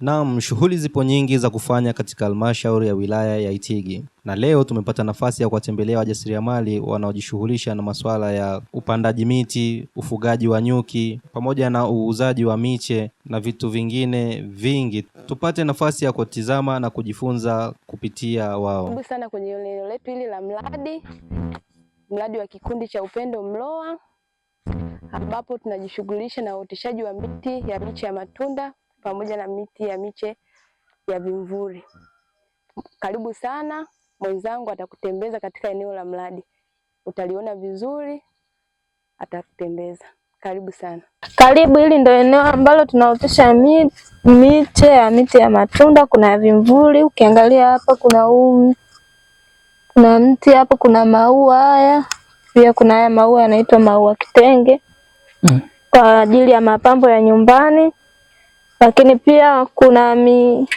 Naam, shughuli zipo nyingi za kufanya katika halmashauri ya wilaya ya Itigi, na leo tumepata nafasi ya kuwatembelea wajasiriamali wanaojishughulisha na masuala ya upandaji miti, ufugaji wa nyuki pamoja na uuzaji wa miche na vitu vingine vingi. Tupate nafasi ya kutizama na kujifunza kupitia wao. Karibu sana kwenye eneo letu hili la mradi, mradi wa kikundi cha Upendo Mloa, ambapo tunajishughulisha na uoteshaji wa miti ya miche ya matunda pamoja na miti ya miche ya vimvuri. Karibu sana, mwenzangu atakutembeza katika eneo la mradi, utaliona vizuri, atakutembeza. Karibu sana. Karibu, hili ndio eneo ambalo tunaotesha miche ya miti ya matunda. Kuna ya vimvuri, ukiangalia hapa kuna um, kuna mti hapo, kuna maua haya pia, kuna haya maua yanaitwa maua kitenge mm, kwa ajili ya mapambo ya nyumbani. Lakini pia kuna mi,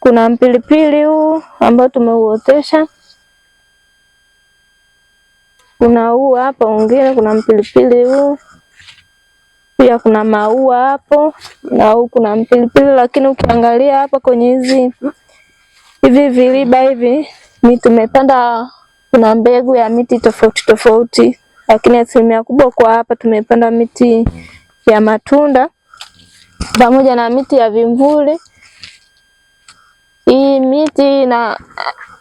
kuna mpilipili huu ambao tumeuotesha. Kuna huu hapa mwingine, kuna mpilipili huu pia, kuna maua hapo na huu kuna mpilipili. Lakini ukiangalia hapa kwenye hizi hivi viriba hivi ni tumepanda, kuna mbegu ya miti tofauti tofauti, lakini asilimia kubwa kwa hapa tumepanda miti ya matunda pamoja na miti ya vimvuli. Hii miti na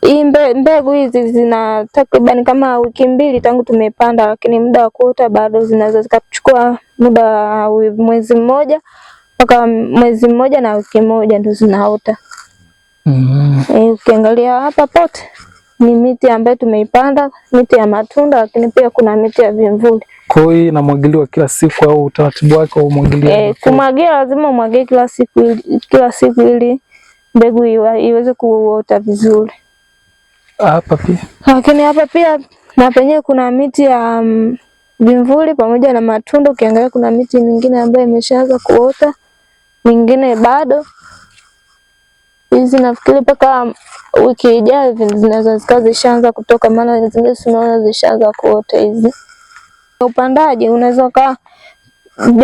hii mbe, mbegu hizi zina takriban kama wiki mbili tangu tumepanda, lakini muda wa kuota bado zinaweza zikachukua muda wa mwezi mmoja mpaka mwezi mmoja na wiki moja ndo zinaota. Mm -hmm. E, ukiangalia hapa pote ni miti ambayo tumeipanda, miti ya matunda, lakini pia kuna miti ya vimvuli. Kwa hiyo hii inamwagiliwa kila siku au utaratibu wake wa umwagiliaji? Eh, kumwagia lazima umwagie kila siku, kila siku ili mbegu iweze kuota vizuri. Hapa pia lakini hapa pia na penyewe kuna miti ya um, vimvuli pamoja na matunda. Ukiangalia kuna miti mingine ambayo imeshaanza kuota, mingine bado hizi nafikiri mpaka wiki ijayo zinaweza zikawa zishaanza kutoka, maana zingine tunaona zishaanza kuota hizi. Upandaji unaweza kaa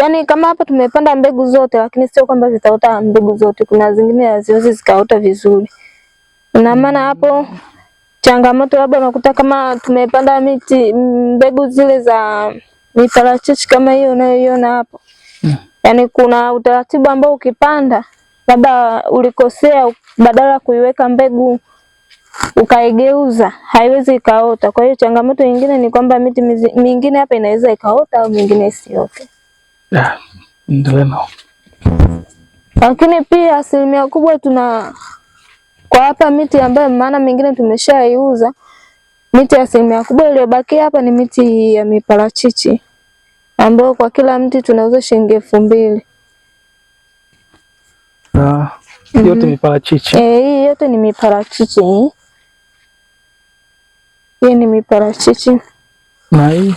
yani, kama hapa tumepanda mbegu zote, lakini sio kwamba zitaota mbegu zote, kuna zingine haziwezi zikaota vizuri, na maana hapo changamoto labda unakuta kama tumepanda miti mbegu zile za miparachichi kama hiyo unayoiona hapo, hmm. yani kuna utaratibu ambao ukipanda labda ulikosea, badala kuiweka mbegu ukaigeuza, haiwezi ikaota. Kwa hiyo changamoto nyingine ni kwamba miti mingine hapa inaweza ikaota au mingine isiote. Yeah, lakini pia asilimia kubwa tuna kwa hapa miti ambayo maana mingine tumeshaiuza. Miti asilimia kubwa iliyobakia hapa ni miti ya miparachichi ambayo kwa kila mti tunauza shilingi elfu mbili na yote mm -hmm. Miparachichi eh, yote ni miparachichi hii. Eh? Hii ni miparachichi na hii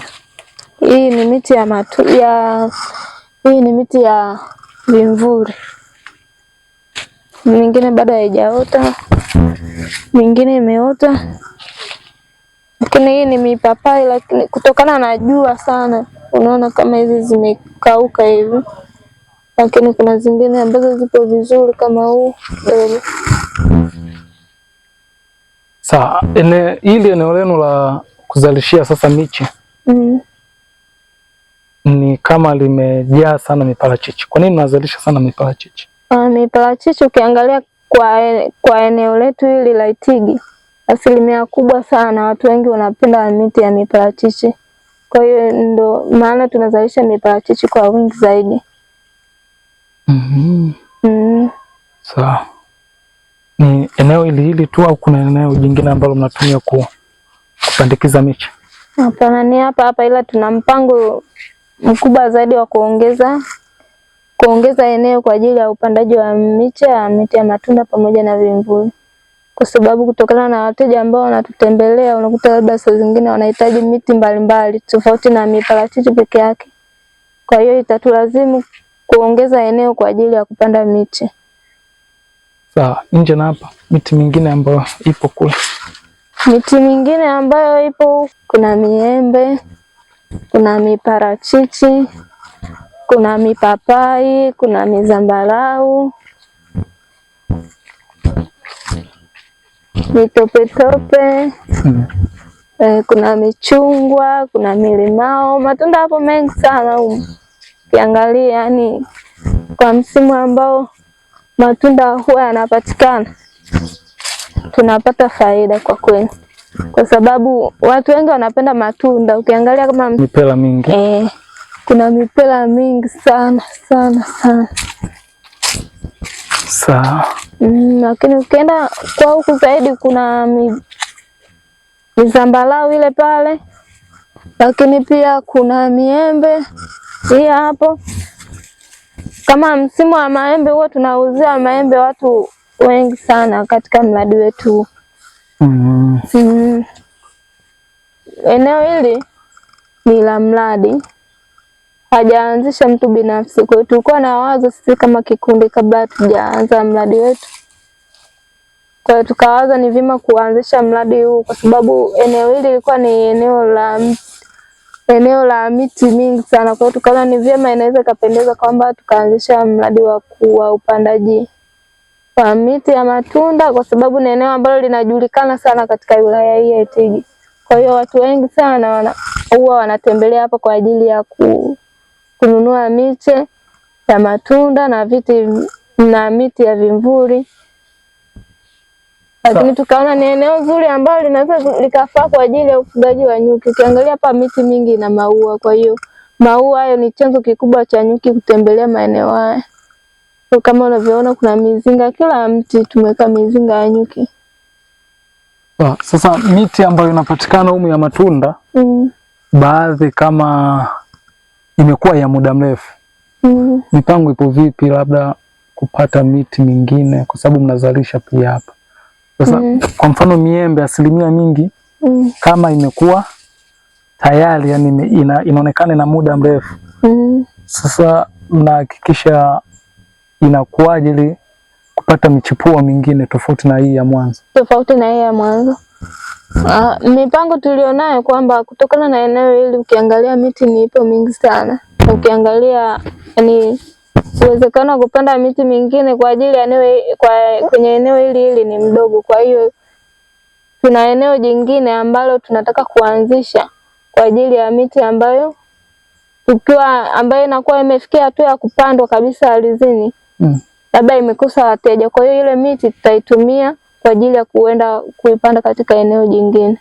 hii ni miti ya matu ya hii ni miti ya vimvuri, mingine bado haijaota, mingine imeota, lakini hii ni mipapai, lakini kutokana na jua sana, unaona kama hizi zimekauka hivi lakini kuna zingine ambazo zipo vizuri kama huu mbele. ene hili eneo lenu la kuzalishia sasa miche mm. ni kama limejaa sana miparachichi. Kwa nini nazalisha sana miparachichi? Ah, miparachichi ukiangalia kwa, e, kwa eneo letu hili la Itigi asilimia kubwa sana watu wengi wanapenda miti ya miparachichi, kwa hiyo ndo maana tunazalisha miparachichi kwa wingi zaidi. Mm-hmm. Mm Sawa. Ni eneo hili hili tu au kuna eneo jingine ambalo mnatumia ku kupandikiza miche? Hapana, ni hapa hapa, ila tuna mpango mkubwa zaidi wa kuongeza kuongeza eneo kwa ajili ya upandaji wa miche ya miti ya matunda pamoja na vimvuli kwa sababu kutokana na wateja ambao wanatutembelea unakuta labda saa zingine wanahitaji miti mbalimbali tofauti na miparachichi peke yake. Kwa hiyo itatulazimu kuongeza eneo kwa ajili ya kupanda miti. Sawa, nje na hapa miti mingine ambayo ipo kule, miti mingine ambayo ipo kuna miembe, kuna miparachichi, kuna mipapai, kuna mizambarau, mitopetope hmm. Eh, kuna michungwa, kuna milimao, matunda hapo mengi sana huko. Ukiangalia yani kwa msimu ambao matunda huwa yanapatikana tunapata faida kwa kweli, kwa sababu watu wengi wanapenda matunda. Ukiangalia kama mipela mingi eh, kuna mipela mingi sana sana sana. Sawa. Mm, lakini ukienda kwa huku zaidi kuna mi, mizambalau ile pale, lakini pia kuna miembe hii hapo kama msimu wa maembe huo tunauzia maembe watu wengi sana katika mradi wetu. Mm. Mm. Eneo hili ni la mradi, hajaanzisha mtu binafsi. Kwa hiyo tulikuwa na wazo sisi kama kikundi kabla hatujaanza mradi wetu. Kwa hiyo tukawaza ni vyema kuanzisha mradi huu, kwa sababu eneo hili lilikuwa ni eneo la mtu eneo la miti mingi sana, kwa hiyo tukaona ni vyema, inaweza ikapendeza kwamba tukaanzisha mradi wa upandaji wa miti ya matunda, kwa sababu ni eneo ambalo linajulikana sana katika wilaya hii ya Itigi. Kwa hiyo watu wengi sana wana, huwa wanatembelea hapa kwa ajili ya ku, kununua miche ya matunda na viti na miti ya vimvuli lakini tukaona ni eneo zuri ambalo linaweza likafaa kwa ajili ya ufugaji wa nyuki. Ukiangalia hapa miti mingi ina maua, kwa hiyo maua hayo ni chanzo kikubwa cha nyuki kutembelea maeneo haya. So, kama unavyoona kuna mizinga kila mti tumeweka mizinga ya nyuki. Wow, sasa miti ambayo inapatikana humu ya matunda mm. baadhi kama imekuwa ya muda mrefu mm. mipango ipo vipi labda kupata miti mingine kwa sababu mnazalisha pia hapa? Sasa mm. kwa mfano miembe asilimia mingi mm. kama imekuwa tayari yani ina, inaonekana na muda mrefu mm. Sasa mnahakikisha inakuwaje ili kupata michipuo mingine tofauti na hii ya mwanzo, tofauti na hii ya mwanzo? Uh, mipango tulionayo kwamba kutokana na eneo hili ukiangalia miti ni ipo mingi sana, ukiangalia yani uwezekano wa kupanda miti mingine kwa ajili ya eneo kwa kwenye eneo hili hili ni mdogo. Kwa hiyo tuna eneo jingine ambalo tunataka kuanzisha kwa ajili ya miti ambayo tukiwa ambayo inakuwa imefikia hatua ya kupandwa kabisa ardhini mm. labda imekosa wateja. Kwa hiyo ile miti tutaitumia kwa ajili ya kuenda kuipanda katika eneo jingine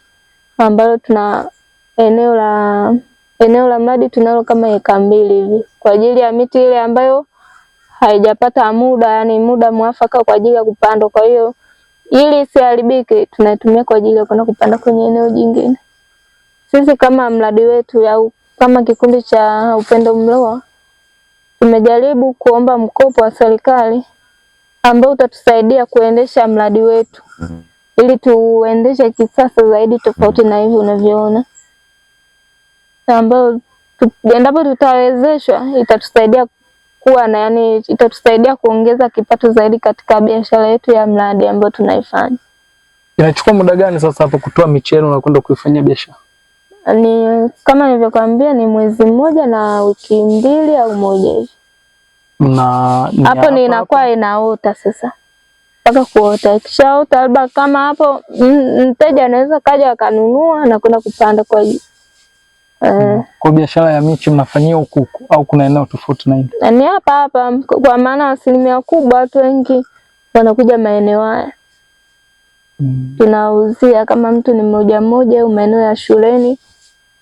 ambalo tuna eneo la eneo la mradi tunalo kama eka mbili hivi kwa ajili ya miti ile ambayo haijapata muda, yani muda mwafaka kwa ajili ya kupandwa. Kwa hiyo ili isiharibike, tunatumia kwa ajili ya kwenda kupanda kwenye eneo jingine. Sisi kama mradi wetu au kama kikundi cha Upendo Mloa tumejaribu kuomba mkopo wa serikali ambao utatusaidia kuendesha mradi wetu ili tuendeshe kisasa zaidi, tofauti na hivi unavyoona, ambao endapo tutawezeshwa itatusaidia kuwa na yani, itatusaidia kuongeza kipato zaidi katika biashara yetu ya mradi ambayo tunaifanya. Inachukua muda gani sasa hapo kutoa miche na kwenda kuifanyia biashara? Ni kama nilivyokuambia, ni mwezi mmoja na wiki mbili au moja hivi, na hapo ni inakuwa inaota sasa mpaka kuota. Ikishaota, labda kama hapo mteja anaweza kaja akanunua na kwenda kupanda kwa ajili Mm. kwa biashara ya miche mnafanyia huku huku au kuna eneo tofauti na hili? Ni hapa hapa, kwa maana asilimia kubwa watu wengi wanakuja maeneo haya mm. Tunauzia kama mtu ni mmoja mmoja au maeneo ya shuleni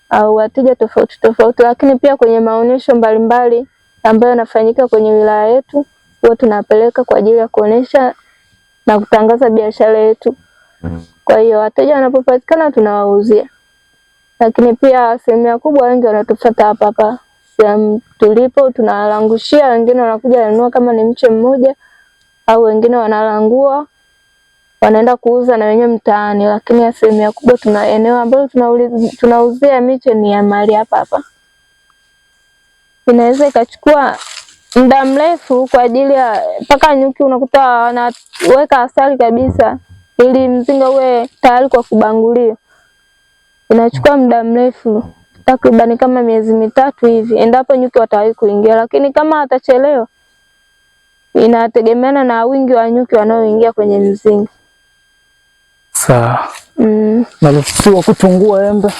au wateja tofauti tofauti, lakini pia kwenye maonyesho mbalimbali ambayo yanafanyika kwenye wilaya yetu huwa tunapeleka kwa ajili ya kuonesha na kutangaza biashara yetu. Mm. Kwa hiyo wateja wanapopatikana tunawauzia lakini pia asilimia kubwa wengi wanatufuata hapa hapa sehemu tulipo, tunalangushia Wengine wanakuja wananunua kama ni mche mmoja, au wengine wanalangua wanaenda kuuza na wenyewe mtaani, lakini asilimia kubwa tuna eneo ambalo tunauzia miche ni ya mali hapa hapa. Inaweza ikachukua muda mrefu kwa ajili ya mpaka nyuki unakuta wanaweka asali kabisa, ili mzinga uwe tayari kwa kubangulia inachukua muda mrefu takribani kama miezi mitatu hivi, endapo nyuki watawahi kuingia, lakini kama atachelewa, inategemeana na wingi wa nyuki wanaoingia kwenye mzinga. Sawa. Mm. Naruhusiwa kutungua embe?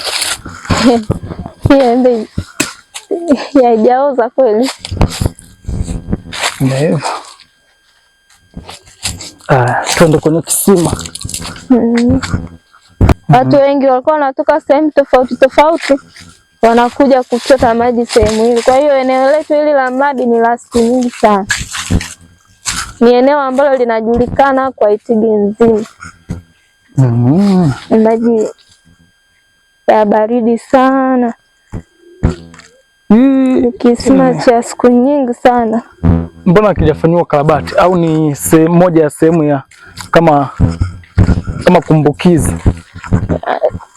Hii embe haijaoza kweli? Ndio. Ah, twende kwenye kisima. Mm. Mhm. Watu wengi walikuwa wanatoka sehemu tofauti tofauti wanakuja kuchota maji sehemu hili. Kwa hiyo eneo letu hili la mradi ni la siku nyingi sana, ni eneo ambalo linajulikana kwa Itigi nzima. Mm. Maji ya baridi sana mm, kisima mm. cha siku nyingi sana. Mbona akijafanyiwa karabati au ni sehemu moja ya sehemu ya kama kama kumbukizi?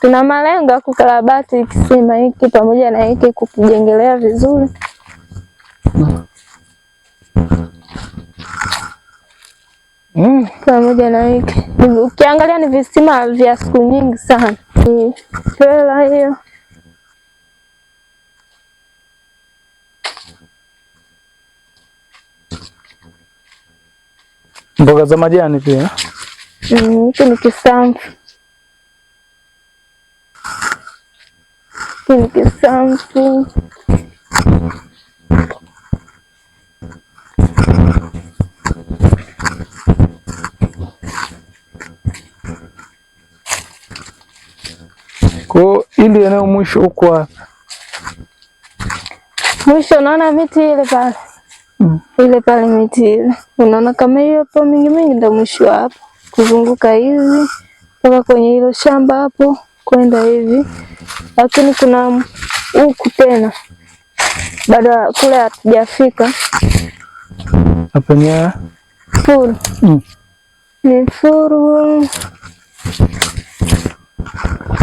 tuna malengo ya kukarabati kisima hiki pamoja na hiki kukijengelea vizuri. Mm. Pamoja na hiki ukiangalia ni visima vya siku nyingi sana, hela hiyo mboga za majani pia mm, hiki mm, ni kisamvu Thank you kwa ili eneo mwisho huko hapa Mwisho unaona miti ile pale mm. Ile pale miti ile unaona kama hiyo hapo, mingi mingi ndio mwisho hapo, kuzunguka hizi mpaka kwenye hilo shamba hapo kwenda hivi lakini kuna huku tena baada kule hatujafika ni furu mm. ni furu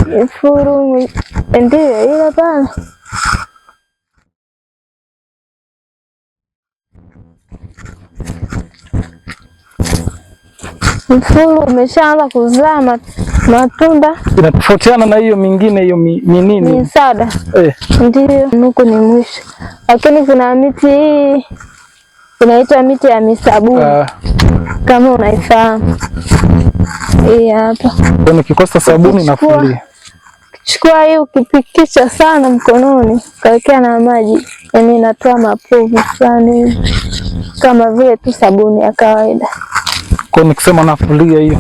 ni furu ndio ile pale mfuru umeshaanza kuzama matunda inatofautiana na hiyo mingine, hiyo minini ni sada eh. Ndio huko ni mwisho, lakini kuna miti hii inaitwa miti ya misabuni uh, Kama unaifahamu hii hapa, nikikosa sabuni nafulia chukua hii ukipikisha sana mkononi, kawekea na maji, yani inatoa mapovu fulani kama vile tu sabuni ya kawaida. Kwa nikisema nafulia hiyo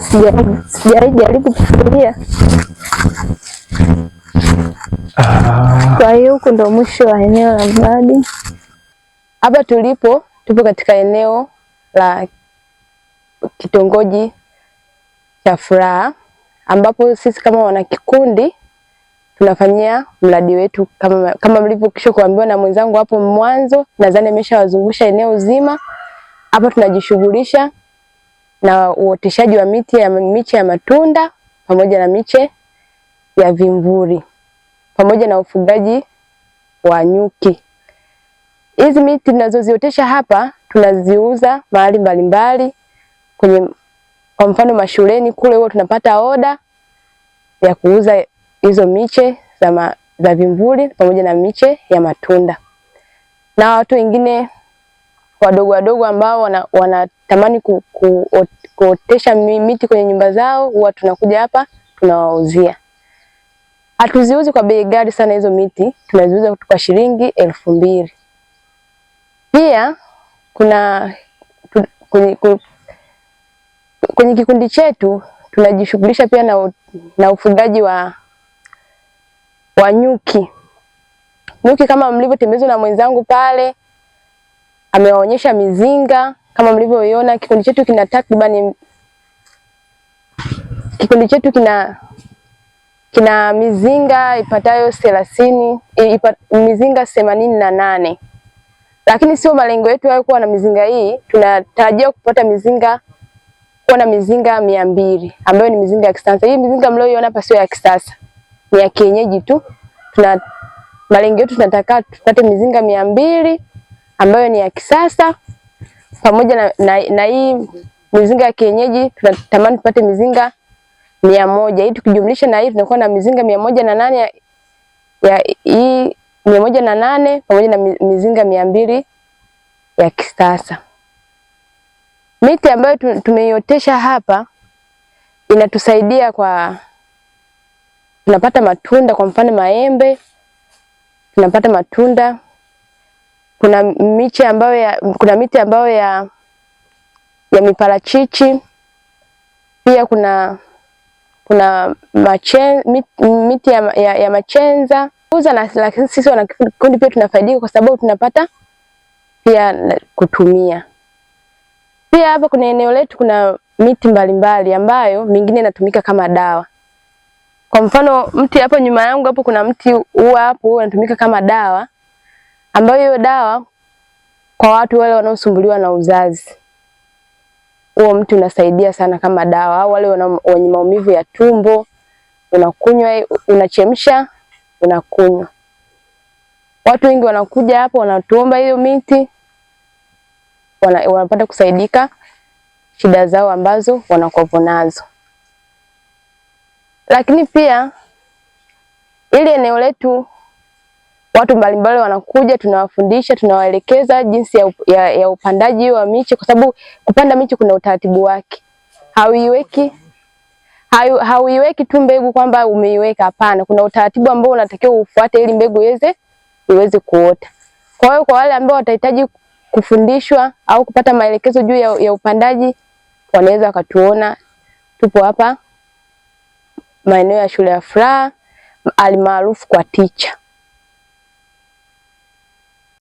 Sijawahi jaribu kufikiria. Ah. Kwa hiyo huku ndo mwisho wa eneo la mradi. Hapa tulipo tupo katika eneo la kitongoji cha Furaha ambapo sisi kama wanakikundi tunafanyia mradi wetu kama, kama mlivyokisha kuambiwa na mwenzangu hapo mwanzo, nadhani ameshawazungusha eneo zima. Hapa tunajishughulisha na uoteshaji wa miti ya miche ya matunda pamoja na miche ya vimvuri pamoja na ufugaji wa nyuki. Hizi miti tunazoziotesha hapa tunaziuza mahali mbalimbali kwenye, kwa mfano mashuleni kule huwa tunapata oda ya kuuza hizo miche za, ma, za vimvuri pamoja na miche ya matunda, na watu wengine wadogo wadogo ambao wana, wana wanatamani ku, ku, kuotesha miti kwenye nyumba zao, huwa tunakuja hapa tunawauzia. Hatuziuzi kwa bei ghali sana hizo miti, tunaziuza kwa shilingi elfu mbili. Pia kuna kwenye, kwenye kikundi chetu tunajishughulisha pia na, na ufugaji wa, wa nyuki. Nyuki kama mlivyotembezwa na mwenzangu pale amewaonyesha mizinga kama mlivyoiona kikundi chetu kina takribani kikundi chetu kina kina mizinga ipatayo thelathini ipat, mizinga themanini na nane, lakini sio malengo yetu hayo kuwa na mizinga hii. Tunatarajia kupata mizinga kuwa na mizinga mia mbili ambayo ni mizinga ya kisasa. Hii mizinga mlioiona hapa sio ya kisasa, ni ya kienyeji tu. Tuna malengo yetu tunataka tupate mizinga mia mbili ambayo ni ya kisasa pamoja na, na, na hii mizinga ya kienyeji tunatamani tupate mizinga mia moja hii tukijumlisha na hii tunakuwa na mizinga mia moja na nane ya, hii mia moja na nane pamoja na mizinga mia mbili ya kisasa. Miti ambayo tumeiotesha hapa inatusaidia kwa, tunapata matunda, kwa mfano maembe tunapata matunda kuna miche ambayo ya, kuna miti ambayo ya ya miparachichi pia kuna kuna machen, mit, miti ya, ya, ya machenza uza na, lakini sisi wana kikundi pia tunafaidika kwa sababu tunapata pia kutumia. Pia hapa kuna eneo letu kuna miti mbalimbali mbali, ambayo mingine inatumika kama dawa. Kwa mfano mti hapo nyuma yangu hapo kuna mti huu hapo unatumika kama dawa ambayo hiyo dawa kwa watu wale wanaosumbuliwa na uzazi, huo mti unasaidia sana kama dawa, au wale wenye maumivu ya tumbo, unakunywa, unachemsha, unakunywa. Watu wengi wanakuja hapo, wanatuomba hiyo miti, wana, wanapata kusaidika shida zao ambazo wanakuwa nazo. Lakini pia ili eneo letu watu mbalimbali wanakuja, tunawafundisha, tunawaelekeza jinsi ya, ya, ya upandaji wa miche, kwa sababu kupanda miche kuna utaratibu wake. Hauiweki hauiweki tu mbegu kwamba umeiweka, hapana. Kuna utaratibu ambao unatakiwa ufuate ili mbegu iweze iweze kuota. Kwa hiyo kwa wale ambao watahitaji kufundishwa au kupata maelekezo juu ya, ya upandaji wanaweza wakatuona, tupo hapa maeneo ya shule ya Furaha alimaarufu kwa Ticha.